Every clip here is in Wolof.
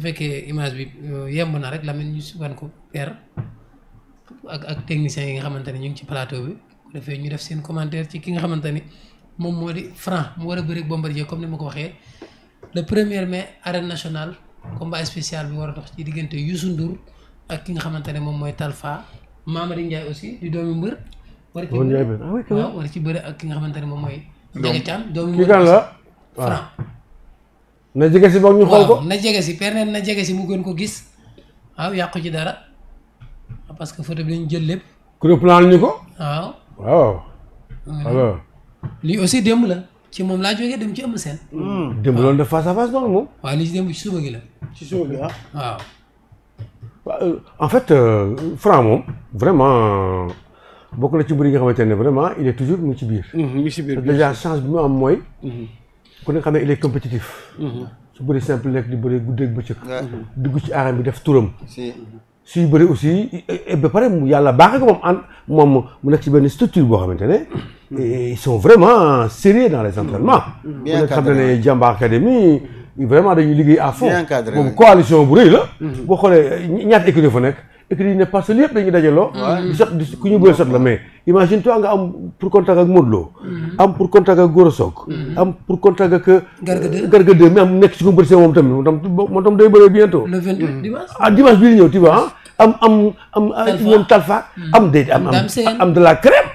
bu fekkee image bi euh, yemb na rek Lamine ñu suban ko per ak ak techniciens yi nga xamante ne ñu ngi ci plateau bi bu defee ñu def seen commentaire ci ki nga xamante ni moom moo di Franc mu war a bëri comme ni ma ko waxee le premier mai arène nationale combat spécial bi war a dox ci diggante Youssou ak ki nga xamante ne moom mooy Talfa Mamadi Ndiaye aussi di doomi mbër war ci ah waaw bëri ak ki nga xamante ne moom mooy Ndiaga Thiam doomi mbër ah. Franc na jege si boog ñu xool ko na jege si perneen na jege si mu gën ko gis waaw yàqu ci dara parce que photo bi lañu jël lépp. kureplan ñu ko. waaw waaw. alors. lii aussi démb la ci moom laa jógee dem ci ëmm seen. démb loolu def face à face noonu moom. waaw li ci démb ci suba gi la. ci suba gi ah. waaw. Euh, en fait euh, Franc moom vraiment bokk na ci mbir yi nga xamante ne vraiment il est toujours mu ci biir. Hmm, mu ci biir déjà chance bi mu am mooy. Hmm. ku ne xam ne il est compétitif. Mhm. su bëri simple nekk di bëri guddeeg bëccëg. Mhm. dugg ci arène bi def turam. suy bëri aussi ba mu yàlla baaxee ko moom en moom mu nekk ci benn structure boo xamante ne. Mhm. ils sont vraiment sérieux dans les entraînements. bien encadré ku ne xam ne Jamba Academy vraiment dañuy liggéey à fond. bien encadré coalition bu rëy la. boo xoolee ñaata écurie fa nekk. écrit yi ne parcelles yëpp dañuy dajaloo. di sot di ku ñu bëri sot la mais. imagine toi nga am pour contact ak Modou Lo. Mm-hmm. am pour contact ak Gora Sock. Mm-hmm. am pour contact ak. Euh, Garga 2 Garga am nekk ci compétition moom tamit moom tam moom tam day bëree bientôt. Mm. Ah, ñëw tu ah, am am am. moom ah, Talfa mm-hmm. am déet am de la crème.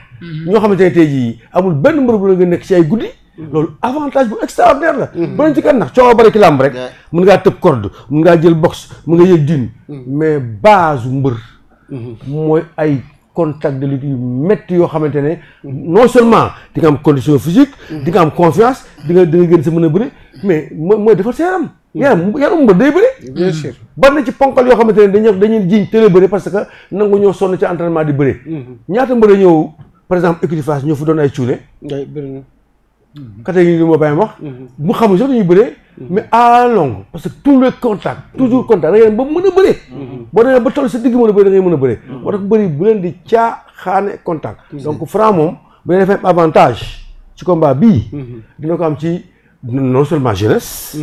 ñoo xam ne tey jii amul benn mbër bu nekk ci ay guddi. Mm-hmm. loolu avantage bu extraordinaire la. Mm-hmm. ba leen ci kenn ndax coow bari ci làmb rek. mun ngaa tëb corde mun ngaa jël box mun nga yëg din mm-hmm. mais base mbër. mooy ay contact de lutte yu yoo xamante ne. non seulement di nga am condition physique. di nga am confiance di nga di nga gën sa mën a bëri mais mooy mooy defar sa yaram. yaram yaram mbër day bëri. bien ci ponkal yoo xamante ne dañuy dañuy jiñ teel bëri parce que nangu ñoo sonn ci entraînement di bëri. ñaata mbër a ñëw par exemple écurie ñoo fa doon ay cuune. catégorie mhm. li moo bàyyi wax. bu mhm. xamul sax dañuy bëree. Mhm. mais à long parce que tout le contact toujours contact da ngay dem ba mën a bëree. boo demee ba toll a bëree da ngay mën a bëree. moo tax bëri bu leen di caaxaane contact. donc Franc moom bu leen defee avantage ci combat bii. dina ko am ci non seulement jeunesse.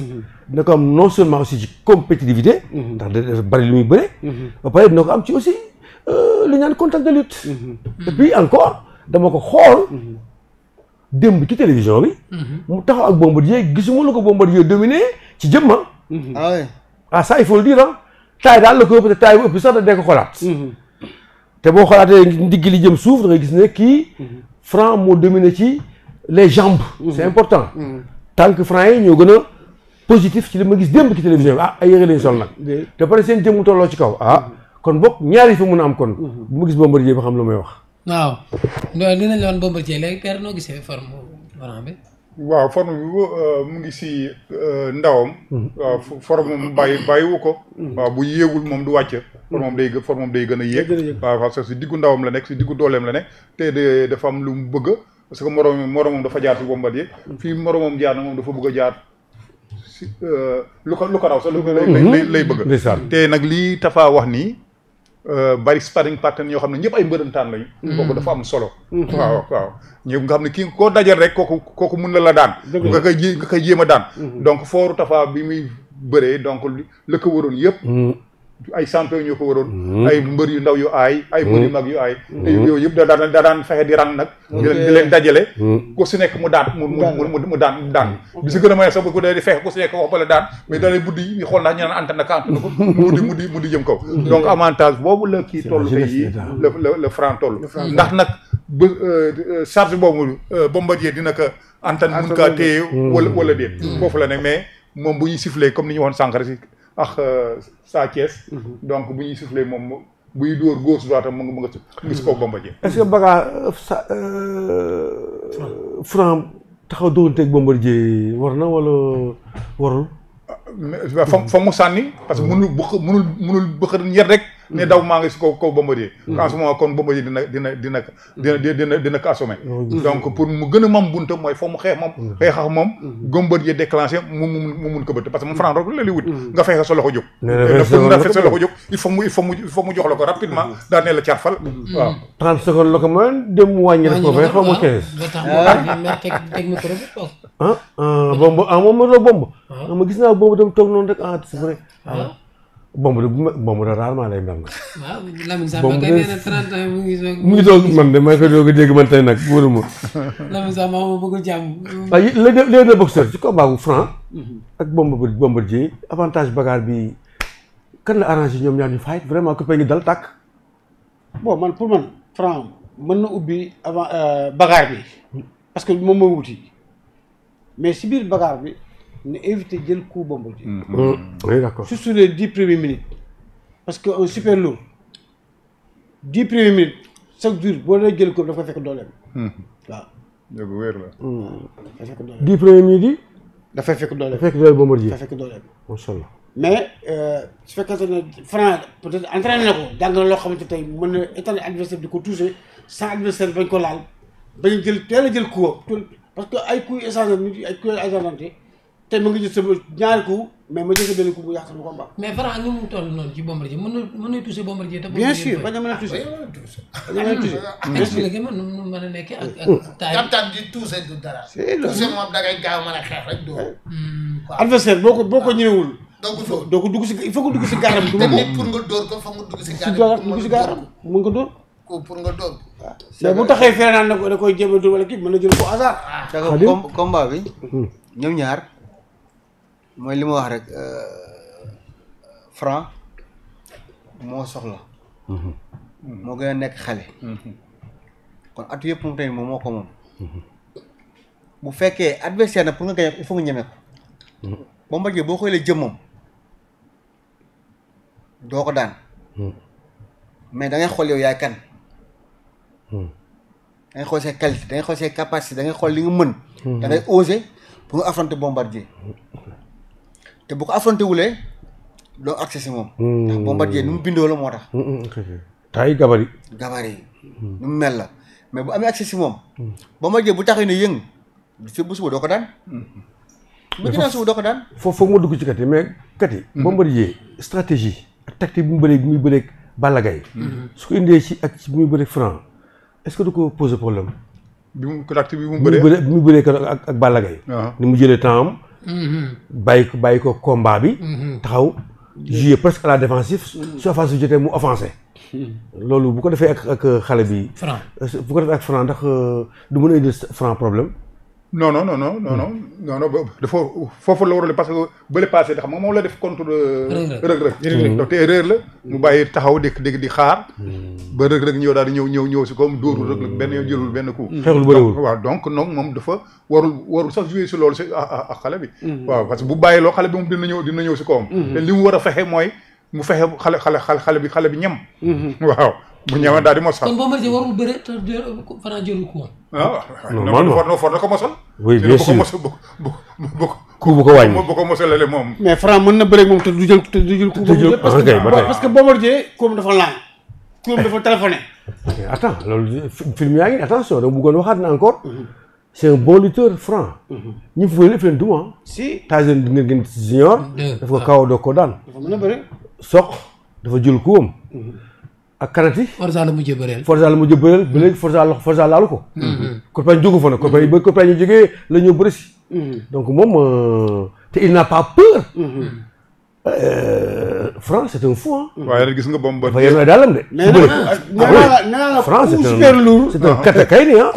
dina ko am non seulement aussi ci compétitivité. ndax dafa bari lu muy bëree. ba pare dina ko am ci aussi euh, lu ñaan contact de lutte. et puis encore dama ko xool. démb ci télévision bi. Mhm. mu taxaw ak Bombardier gisuma lu ko Bombardier dominé ci jëmm mhm. ah sa ah ça il faut le dire taay daal la ko ëpp te taay bu ëpp sax da dee ko xolaat. Mhm. te boo xolaatee ndigg li jëm suuf da gis ne kii. franc moo dominé ci les jambes. c'est important. tan que franc yi ñoo gën a positif ci li ma gis démb ci télévision bi ah ay yëre lañ sol nag. te pare seen jëmm tolloo ci kaw ah kon bokk ñaari fi mun am kon. bu ma gis Bombardier ba xam lu may wax. waaw li nañ la woon Bombardier léegi père noo gisee forme bi. waaw forme bi euh, mu ngi si euh, ndawam. Hmm. waaw forme moom bàyyi bàyyiwu ko. Hmm. waaw bu yéegul moom du wàcc. Hmm. forme moom day moom day gën a yéeg. waaw parce que si diggu ndawam la nekk si diggu dooleem la nekk te de dafa am lu mu bëgg parce que moroom moroomam dafa jaar si Bombardier fii moroomam jaar na moom dafa bëgg a jaar. si euh, lu ko lu ko raw lay lay bëgg. te nag lii Tafa wax nii. Euh, bari sparring partner yoo xam ne ñëpp ay mbërëntaan lañu. Mm-hmm. kooku dafa am solo. Mm-hmm. waaw waaw ñëpp nga xam ne kii koo dajal rek kooku kooku mun na la daan. nga koy nga koy jéem a daan. Mm-hmm. donc fooru Tapha bi muy bëree donc li la ko waroon yëpp. ay champion ñoo ko waroon. Hmm. ay mbër yu ndaw yu aay. ay mbër yu hmm. mag yu aay. Hmm. te yooyu yëpp da daan da fexe di ran nag. di leen dajale. ku si nekk mu daan mu mu mu daan daan. bi si gën a may sax ku dee di daan mais da lay buddi ñu xool ndax ñu naan antan na ko mu di mu di mu di jëm kaw. donc avantage boobu la kii toll tey yi la la la franc ndax nag ba euh, charge boobu euh, bombardier dina ko antan mun kaa téye. wala wala foofu la ne mais moom bu ñuy siffler comme ni ñu waxoon sànq rek ak euh, Sa Thiès. Mhm. donc bu ñuy soufflé moom buy dóor gauche droite am mu nga mu nga gis ko bomba ji. est-ce que Baka euh, sa euh, Franc taxaw dóoranteeg Bombardier war na wala warul. Ah, fa mu sànni. parce que mhm. mënul bëx mënul mënul bëxër ñet rek. ne daw maa ngi si kaw kaw Bombardier mm. en kon Bombardier dina dina dina mm. mm. donc pour mu gën a mam bunta mooy foo mu xeex moom xeex ak moom Bombardier déclenché mu mu mu mun ko bëtt parce que mu Franc rek la li wut nga fexe sa loxo jóg pour nga fexe loxo jóg il faut mu jox la ko rapidement daa ne la carfal waaw trente secondes la ko mën dem wàññi def ko ba xaw ma quinze ah, ah bomb ah moom ah. Ah, ma gis naa boobu dem toog noonu rek ah c'est vrai bomb de bomb de rarement lay mel. waaw Lamine Samba kay nee na 30 ans mu ngi soog. mu ngi soog man de maa ngi koy doog a dégg man tey nag wóoruma. Lamine Samba moo bëgg jàmm. waaw léegi nag boxeur ci combat bu franc. Mhm. ak bomb bu bomb ji avantage bagaar bi kan la arrangé ñoom ñaar ñu fay vraiment ku ngi dal tàkk. bon man pour man franc mën na ubbi avant euh, bagaar bi hmm. parce que moom moo wuti mais si biir bagaar bi. ne éviter jël coup Bombardier. Mm-hmm. oui d'accord surtout les dix premières minutes. parce que un super lourd dix premières minutes chaque jour boo dee jël coup dafa fekk dooleem. Mm-hmm. waaw. dëgg wér la. dafa fekk dooleem dix premières minutes yi. dafa fekk dooleem dafa fekk dooleem Bombardier dafa fekk dooleem. mais euh, su fekkee ne Franc peut-être entraîné na ko jàngal loo xamante tey mën na état adversaire di ko touché sans adversaire bañ ko laal bañ jël teel a jël coup parce que ay coups échange nit ay coups échange te ma ngi jël sama ñaar coup mais ma jël sa benn bu mais Franc ni mu toll noonu ci Bombardier mën na mën na touché Bombardier. te bien sûr a mën a a mën a touché. bien ah, hmm, boo ko boo ko ah. ñëwul. doo ko dugg si il faut dugg si gaaram. du ma ko pour nga dóor ko foog nga dugg si gaaram. dugg pour nga dóor. mais bu taxee feneen naan da koy jéem wala kii mën jël ko hasard. Ah. combat bi hmm. ñoom ñaar mooy li ma wax rek euh, franc moo soxla. Mhm. moo gën a nekk xale. Mhm. kon at yëpp moom tamit moom moo ko moom. Mhm. bu fekkee adversaire na pour nga gañe il faut nga ñeme ko. Bombardier boo xoolee jëmmam doo ko daan. mais da xool yow yaay kan. da xool say qualité da xool say capacité da ngay xool li nga mën. da ngay oser pour nga affronter Bombardier. te bu ko affronté wulee doo accès si moom. ndax hmm. Bombardier ni mu bindoo la moo tax. taay gabari. gabari ni mu mel la mais bu amee accès si moom. Hmm. Bombardier bu taxee ne yëng fi bu suba doo ko daan. Hmm. bu ginnaaw suba doo ko daan. foofu foog ma dugg ci kat yi mais kat yi. Bombardier stratégie ak tactique bi mu bëree bi muy bëree Balla Gaye su ko indee si ak bi muy bëree Franc est-ce que du ko poser problème. bi mu contact bi mu bëree bi mu bëree mu bëree ak ak Balla Gaye ah. ni mu jëlee temps am. Mm-hmm. bàyyi ko bàyyi ko combat bi. Mm-hmm. taxaw jouer presque à la défensive. Mm-hmm. su offense bi jotee mu offensé. loolu bu ko defee ak ak xale bi. franc euh, bu ko defee ak franc ndax euh, du mën a indil franc problème. non non non non non hmm. non non dafa foofu la waroon parce que bële passé xam nga moom la def contre. rëg rëg donc te erreur la. mu bàyyi taxaw di di di xaar. Hmm. ba rëg rëg ñëw daal di ñëw ñëw ñëw si koom dóorul rëg rëg hmm. benn yoon jëlul benn coup. xeexul bëriwul waaw donc donc moom dafa warul warul sax jouer si loolu si ah, ah, ak xale bi. waaw parce que bu bàyyi loo xale bi moom dina ñëw dina ñëw si koom. te li mu war a fexe mooy mu fexe xale xale xale bi xale bi ñam. waaw. mu ñëwee daal di mos kon Bombardier warul bëre te Franc jëlu ko woon. for na ko mosal. moom. mais Franc mën na bëre moom te du jël te du jël. te loolu film yaa ngi attention dama bëggoon na encore. Mhm. c'est un bon lutteur Franc. Mhm. ñu fa lépp leen duma. si Tyson dina junior. daf ko ah. kaw doo ko dafa mën a bëre. soq dafa jël koom. ak karati Forza la mujjee bëreel Forza la mujjee bëreel Forza la laalu ko Krépin mm-hmm. jógu fa nag Krépin ñu jógee la ñëw bëri mm-hmm. donc moom euh, te il n'a pas peur mm-hmm. euh, France c'est un fou ah. waaye nag gis nga Bombardier dafa yéeme daalam de. mais nag ah, ah, France c'est un super lourd. c'est un ah. katakayne ah.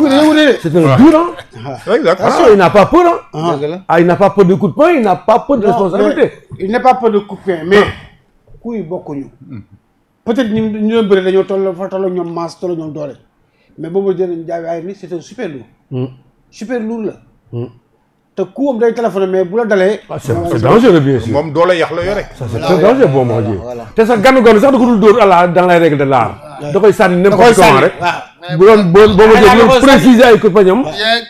il n'a pas peur ah. il n'a pas peur de coup de il n'a pas peur de responsabilité. il n'a pas peur de coup de poing mais. kuy bokkuñu. peut-être ñu ñu doon bëri dañoo toll fa toll ñoom masse toll ñoom doole mais boobu jël jaay waaye ni c'est un super lourd. super lourd la. te ku am day téléphoné mais bu la dalee. c'est dangereux bien sûr moom la yore. c'est dangereux boo ma ji te sax da ko dul dóor à rek. ay compagnons.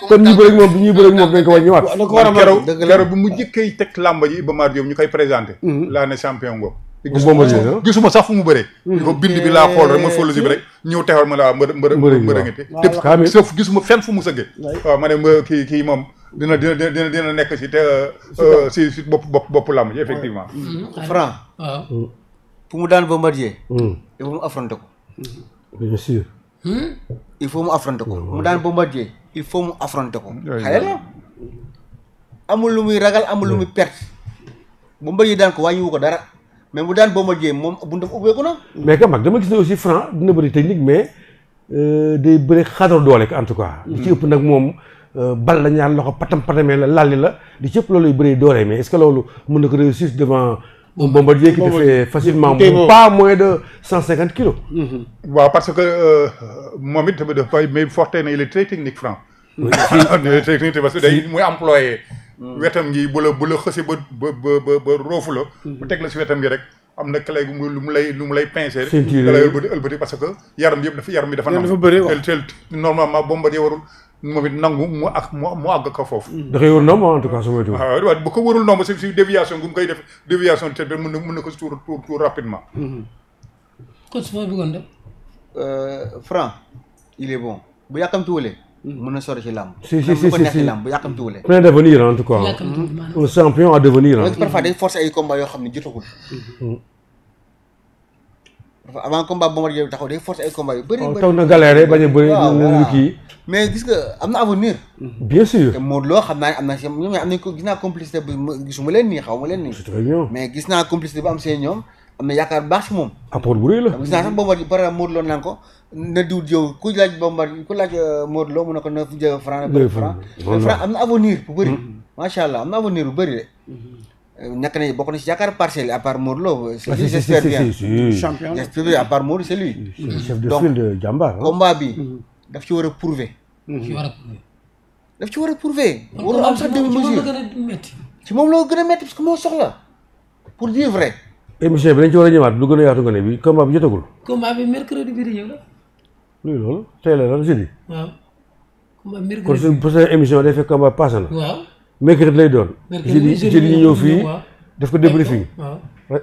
kon ñi bëri moom ñi bëri moom dañ ko wàññiwaat. dëgg la keroog keroog bu mu njëkkee teg làmba ji Iba Mar Diop ñu koy présenté. laa ne champion boobu. Ah? gisuma sax fu mu bëree ko mm. bind bi laa xool rek ma folosi bi rek ñëw teewal ma laa mbër mbër mbër ngi te gisuma fenn fu mu sëggee waaw ma ma kii kii moom dina nekk si te euh, si si bopp bopp bopp làmb ji mm-hmm. Mm-hmm. Mm. mu daan Bombardier mm. il faut mu ko hmm? mu affronter ko mu daan Bombardier il faut mu affronter ko xale amul lu muy ragal amul lu muy perte Bombardier daan ko wàññiwu ko dara mais bu daan Bombardier moom buntam ubbeeku na. mais quand même dama gis ne aussi Franc dina bëri technique mais euh, day bëri xadar doole en tout cas. li ci mm-hmm. ëpp nag moom euh, bal la ñaan loxo patam patamee la lalli la li ci ëpp loolu lay bëree doole mais est loolu mën na ko réussir devant. un Bombardier qui defee facilement pas moins de cent mm-hmm. waaw parce que euh, moom it dafay mais forte technique Franc. il est que day muy employé. Mm. wetam gi bu la bu la xëse ba ba ba ba roofu la mm-hmm. bu teg la si wetam gi rek am na clé gu mu lu mu lay lu mu lay pincer da lay ëlbati ëlbati parce que yaram yëpp dafa yaram bi dafa nam teel normalement Bombardier warul moom nangu mu ak mu mu àgg ko foofu mm. dafay wër ndomb en tout cas su ma tuur ah, waaw si si déviation gu mu koy def déviation di tête mën na mën na ko tuur tuur tuur rapidement mm-hmm. coach foo bëggoon def euh, Franc il est bon bu yàkkamti wëlee Hmm. mën a sori ci làmb. si si si si si làmb yàkkamtiwule. plein d'avenir en tout cas. Hmm. un champion à devenir ah. parfois day forcer ay combats yoo xam ne jotagul. Hmm. avant combat Bombardier taxaw day forcer ay combats yu bëri. Oh, bëri taw na galéré bañ a bëri ñu kii. mais gis nga am na avenir. bien sûr te Modou xam naa ne am na si ñoom am nañu gis naa complicité bi gisuma leen nii xaw ma leen nii. mais gis naa complicité bu am seen ñoom. am na yaakaar bu baax si moom. a bu rëy la. gis naa sax Bombardier par exemple Modou Lo naan ko na diw jiw ku laaj Bombardier ku laaj euh, Modou Lo mu ne ko na jël franc. jël am na avenir bu bëri. Mm-hmm. macha allah am na avenir bu bëri de. Mm-hmm. nekk bokk na si yaakaar parcelle à part Modou Lo. chef de file de jàmbaar combat bi mm-hmm. daf ci war a prouver. daf ci war a prouver. daf ci war a prouver. warul am ci moom la gën a métti parce que moo soxla pour dire vrai. émission bi dañ ci war a ñëwaat lu gën a yaatu nga ne bi combat bi jotagul. combat bi mercredi bi di ñëw la. luy loolu tey parce que émission day fekk combat passé na. waaw lay doon. mercredi jeudi ñu ñëw fii. daf ko débriefing. waaw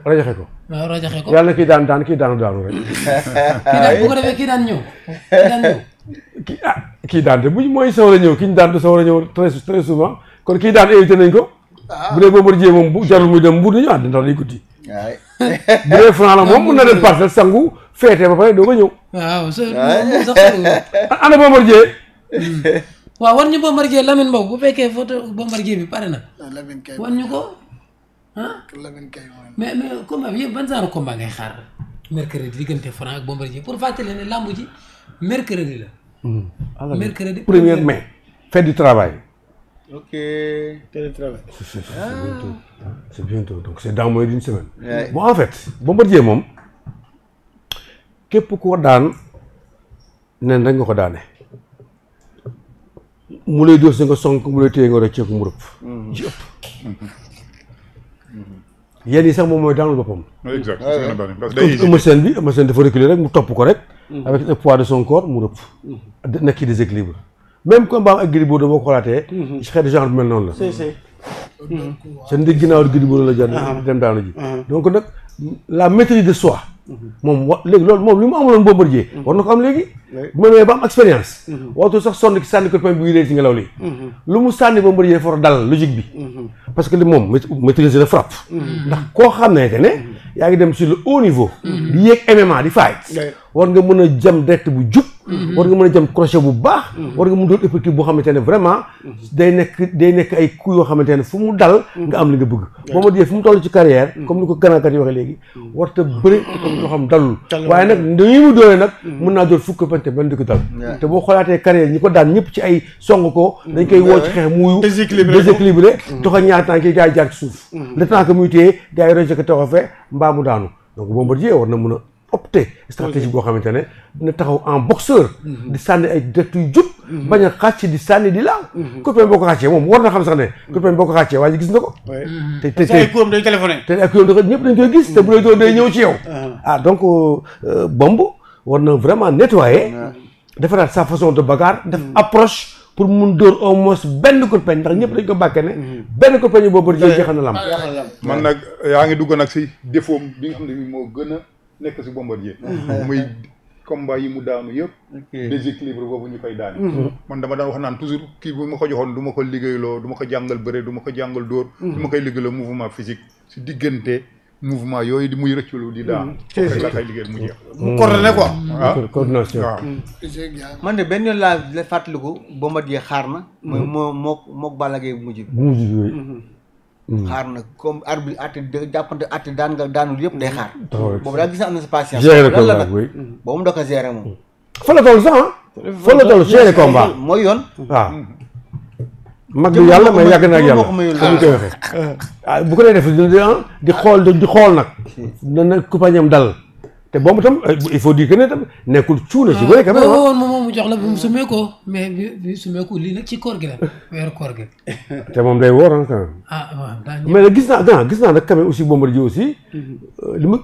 rajaxe rajaxe ko yàlla kii daan daan kii daanu daanu rek. kii daan bu ko defee kii daan ñëw kii daan ñëw. Ah, kii ah a ñëw ki ñu daan du sawar a ñëw souvent kon kii daan évité nañ ko. Ah. bu dee boobu jéem moom bu jarul muy dem mbuur nañu ah dina la guddi. bu dee franc la moom mun na dem parcelle sangu feete ba pare doo ko ñëw. waaw sa moom sax ah, ana Bombardier. Hmm. waaw war ñu Bombardier Lamine Mbow bu fekkee photo Bombardier bi pare na. Lamine Kay war ñu ko ah. Lamine Kay mais mais combat bi yëpp ban genre combat ngay xaar. mercredi diggante franc ak Bombardier pour fàttali ne làmb ji mercredi la. Hmm. mercredi premier mai fête du travail. ok télétravail. ah c' est bientôt c' est bientôt donc c' est dans moins d' une semaine. Yeah. bon en fait Bombardier moom képp koo daan nen rek nga ko daane. mu lay doos nga sonk mu lay téye nga rëcceeku mu rëpp. Mm-hmm. ci ëpp. yenn yi sax moom mooy daanul boppam. exact parce bi Eumeu Sène dafa reculer rek mu topp ko rek. Mm-hmm. avec le poids de son corps mu rëpp. Mm-hmm. nekk ci déséquilibre. même combat am ak Gris Bordeaux boo ko xalaatee. Mhm. ci xeetu genre bi mel noonu la. si si. seen di ginnaaw Gris la jar. Ah. dem daanu ji. Ah. donc la maîtrise de soi. Mhm. moom wa léegi loolu moom li mu amaloon Bombardier mhm. war na ko am léegi. bu ma demee ba am expérience. waxtu sax sonn sànni ko pain bi yuree ci ngelaw li. lu mu sànni Bombardier fort dal logique bi. parce que li moom maîtriser la frappe. ndax koo xam ne que yaa ngi dem sur le haut niveau. di yéeg MMA di fight. war nga mën a jam direct bu jub. Mm-hmm. war nga mën a jëm crochet bu baax mm-hmm. war nga mën doon effectif boo xamante ne vraiment mm-hmm. day nekk day nekk ay ku yoo xamante ne fu mu dal nga am li nga bëgg Bombardier Dieng fu mu toll ko ganakat yi waxee léegi warta bëri loo xam dalul waaye nag ni mu doole nag mën naa doon fukk pante benn di ko dal te boo xoolaatee carrière ñi ko daan ñëpp ci ay song ko dañ koy woo ci xeex muyu déséquilibré doxa ñaar tànk yi daay jaar ci suuf le temps que muy téye daay roje ko taxafe mbaa mu daanu donc Bombardier war na mën a opté stratégie boo xamante ne dina taxaw en boxeur. di sànni ay direct yu jub. bañ a xàcc di sànni di laal. coup boo ko xàccee moom war na xam sax ne. coup boo ko xàccee waa ji gis na ko. te ay kuréel dañu ñëpp dañ koy gis. te bu lay doon day ñëw ci yow. Ah. Ah donc euh, bomb war na vraiment nettoyer. defaraat sa façon de bagarre. def approche. pour mun dóor au moins benn coup de ndax ñëpp dañ ko bàkke ne mm-hmm. benn coup de poing boobu jeexal na lamb dugg nag si défaut bi xam ne moo gën a nekk si bombardier mm-hmm. muy combat yi mu daanu yëpp déséquilibre boobu ñu koy daani mm-hmm. man dama daan wax naan toujours kii bu ma ko joxoon du ma ko liggéeyloo duma ko jàngal bëre du ko jàngal dóor mm-hmm. du ma koy liggéeyloo mouvement physique si diggante mouvement yooyu di muy rëcculu di daan rek la koy liggéeyal mu ko mu coordonné quoi waaw ah. coordination waaw man de benn yoon laa fàttaliku bombardier xaar na mooy moo moo mook Balla Gaye bu mujj bi Hmm. xaar na comme arbitre atte jàppante atte daan nga daanul yëpp day xaar. Oh, boobu daal gis na am na sa patience. lan la nag boobu mu doog a gérer moom. Hmm. fa la toll sax ah. fa la toll gérer combat mooy yoon. waaw. Ah. Hmm. mag bi yàlla may yàgg na ak yàlla ñu koy ah, bu ko dee def di ah, xool di xool nag. na na compagnie am dal. te boobu tam euh, il di dire que ne tam nekkul cuune ci bëri quand même woon moom mu jox la bu mu sumee ko mais bi bi sumee ko lii nag ci koor gi la weeru koor gi te moom day woor ah quand même ah waaw gis naa gis naa nag quand même aussi Bombardier ussi mhm. euh, li ma